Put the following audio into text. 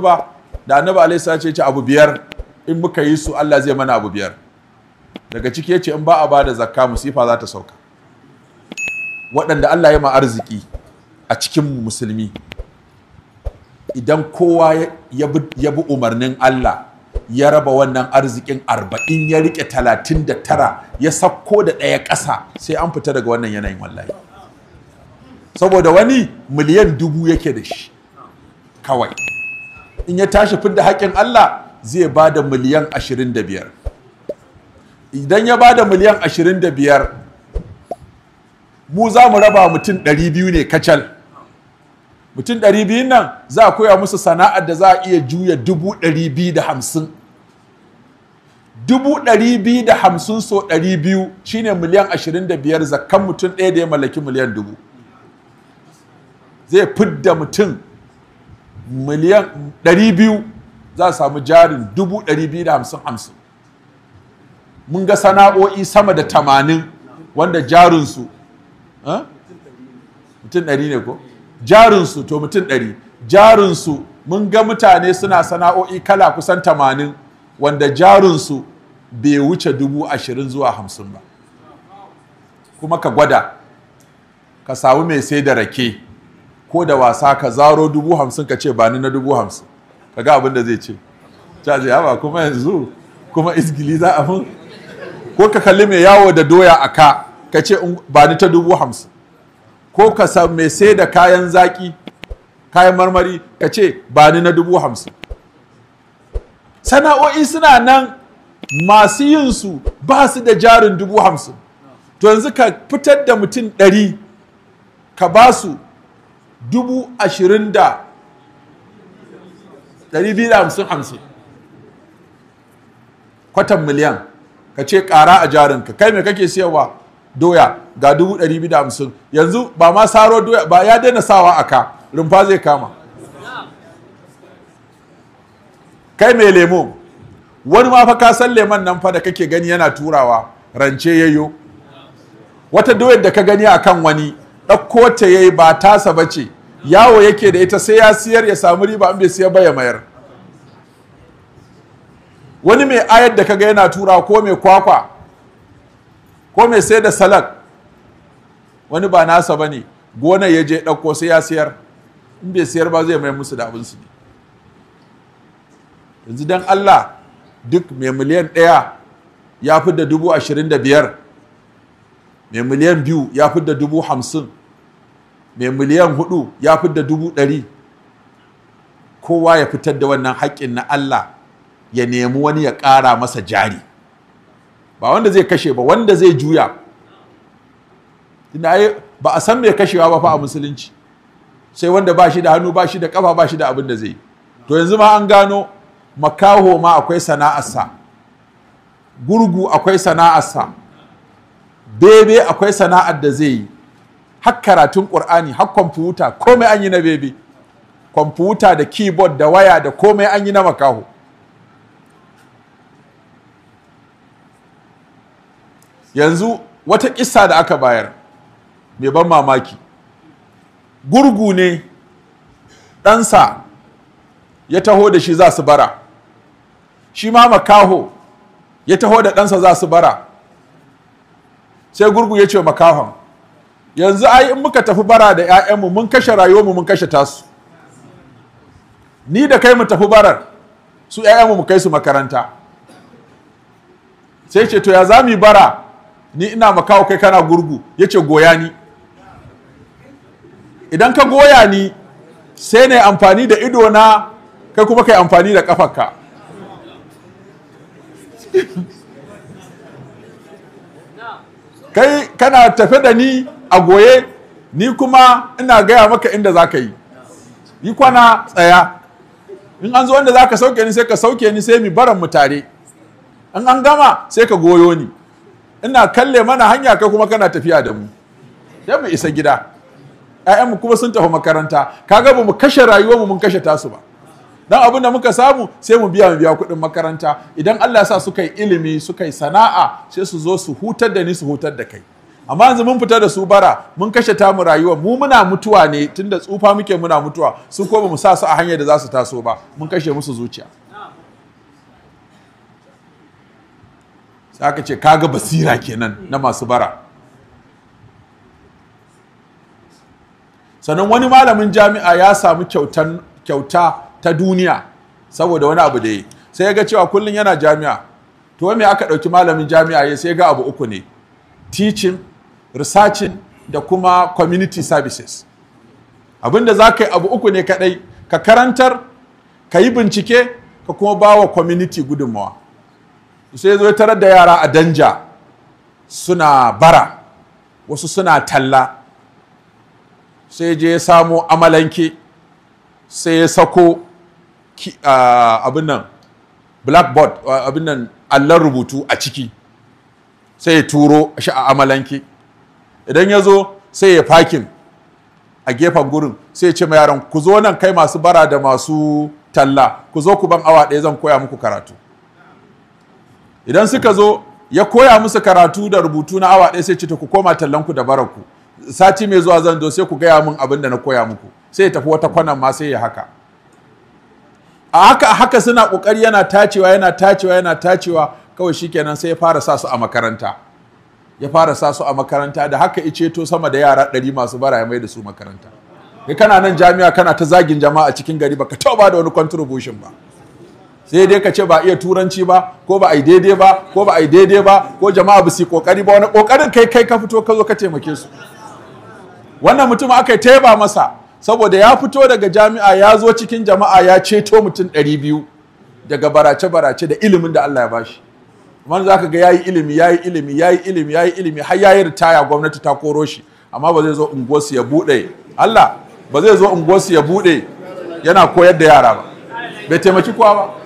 ba da annabi alaihi ce ce abu biyar in muka yi su Allah zai mana abu biyar daga ciki yace in ba a bada zakka musifa za ta sauka waɗanda Allah ya ma arziki a cikin musulmi idan kowa ya bi umarnin Allah ya raba wannan arzikin arba'in ya rike talatin da tara ya sakko da ɗaya ƙasa sai an fita daga wannan yanayin wallahi saboda wani miliyan dubu yake da shi kawai in ya tashi fi da haƙin Allah zai ba da miliyan 25 idan ya ba da miliyan 25 mu za mu raba mutum 200 ne kacal mutum 200 nan za a koya musu sana'ar da za a iya juya 250 250 so 200 shi ne miliyan 25 zakan mutum ɗaya da ya mallaki miliyan 1000 zai fidda mutum miliyan 200 za a samu jarin 250,000 mun ga sana'o'i sama da 80 wanda jarinsu eh? mutum 100 ne ko jarinsu to mutum 100 jarinsu mun ga mutane suna sana'o'i kala kusan 80 wanda jarinsu bai wuce 20,000 zuwa 50 ba kuma ka gwada ka samu mai sai da rake ko da wasa ka zaro dubu hamsin ka ce ba ni na dubu hamsin ka ga abin da zai ce ta zai haba kuma yanzu kuma isgili za a mun ko ka kalli mai yawo da doya a ka ka ce ba ni ta dubu hamsin ko ka san mai sai da kayan zaki kayan marmari ka ce ba ni na dubu hamsin sana'o'i suna nan masu yin su ba su da jarin dubu hamsin to yanzu ka fitar da mutum ɗari ka ba su dubu ashirin da ɗari kwatan miliyan ka ce ƙara a jarinka kai mai kake siyarwa doya ga dubu yanzu ba ma saro doya ba ya daina sawa a ka rumfa zai kama kai mai lemo wani ma fa ka san nan fa da kake gani yana turawa rance yayo wata doyar da ka gani a kan wani ɗauko ta yayi ba tasa ba ce yawo yake da ita sai ya siyar ya samu riba in bai siya ba ya mayar wani mai ayar da kaga yana tura ko mai kwakwa ko mai sai da salak wani ba nasa ba ne gonar ya je ɗauko sai ya siyar in bai siyar ba zai mai musu da abinsu ne yanzu don allah duk mai miliyan ɗaya ya fi da dubu ashirin da biyar mai miliyan biyu ya fi da dubu hamsin mai miliyan hudu ya fi da dubu ɗari kowa ya fitar da wannan haƙƙin na Allah ya nemi wani ya ƙara masa jari ba wanda zai kashe ba wanda zai juya ba a san mai kashewa ba fa a musulunci sai wanda ba shi da hannu ba shi da ƙafa, ba shi da abin da zai to yanzu ma an gano makaho ma akwai sana'arsa gurgu akwai sana'arsa bebe akwai sana'ar da zai yi har karatun ƙur'ani har kwamfuta komai an yi na bebe kwamfuta da keyboard da waya da komai an yi na makaho yanzu wata ƙisa da aka bayar mai ban mamaki gurgu ne ɗansa ya taho da shi za su bara shi ma makaho ya taho da ɗansa za su bara sai gurgu ya ce makahon yanzu ai in muka tafi bara da 'ya'yanmu mun kashe rayuwarmu mun kashe tasu ni da kai mu tafi barar su 'ya'yanmu mu kai su makaranta sai ce to ya za mu bara ni ina makawo kai kana gurgu ya ce goya ni idan ka goya ni sai na amfani da ido na kai kuma ka kai amfani da kafarka kai kana tafe da ni a goye ni kuma ina gaya maka inda za ka yi yi kwana tsaya in an zo wanda za ka sauke ni sai ka sauke ni sai mi baran mu tare in an gama sai ka goyo ni ina kalle mana hanya kai kuma kana tafiya da mu sai mu isa gida mu kuma sun tafi makaranta kaga ba mu kashe rayuwar mu mun kashe tasu ba dan abin da muka samu sai mu biya mu biya kuɗin makaranta idan Allah ya sa suka yi ilimi suka yi sana'a sai su zo su hutar da ni su hutar da kai amma yanzu mun fita da su bara mun kashe tamu rayuwa mu muna mutuwa ne tunda tsufa muke muna mutuwa su ko ba mu sa su a hanyar da za su taso ba mun kashe musu zuciya sai ce kaga basira kenan na masu bara sannan wani malamin jami'a ya samu kyauta ta duniya saboda wani abu da yi sai ya ga cewa kullum yana jami'a to me aka ɗauki malamin jami'a ya sai ga abu uku ne teaching researching da kuma community services abinda za ka yi abu uku ne kadai ka karantar ka yi bincike ka kuma ba wa community gudunmawa sai zo tarar da yara a danja suna bara wasu suna talla sai je ya samo amalanke sai ya sako abinnan blackboard abinnan allon rubutu a ciki sai ya turo shi a amalanke idan ya zo sai ya fakin a gefen gurin sai ya ce ma yaran ku zo nan kai masu bara da masu talla ku zo ku ban awa ɗaya zan koya muku karatu idan suka zo ya koya musu karatu da rubutu na awa ɗaya sai ce ku koma tallan ku da bara ku, sati mai zuwa zan zo sai ku gaya min abin da na koya muku sai ya tafi wata kwanan ma sai ya haka a haka haka suna ƙoƙari yana tacewa yana tacewa yana tacewa kawai shikenan sai ya fara sa su a makaranta ya fara sa su a makaranta da haka ice to sama da yara ɗari masu bara ya mai da su makaranta kai kana nan jami'a kana ta zagin jama'a cikin gari baka taɓa ba da wani contribution ba sai dai ka ce ba iya turanci ba ko ba a daidai ba ko ba a daidai ba ko jama'a ba su kokari ba wani kokarin kai kai ka fito ka zo ka taimake su wannan mutum aka teba masa saboda ya fito daga jami'a ya zo cikin jama'a ya ceto mutum ɗari biyu, daga barace-barace da ilimin da Allah ya bashi wani ka ga yayi ilimi yayi ilimi yayi ilimi yayi ilimi har yayi ritaya gwamnati ta koro shi amma ba zai zo unguwarsu ya bude Allah ba zai zo unguwarsu ya buɗe yana koyar da yara ba bai taimaki kowa ba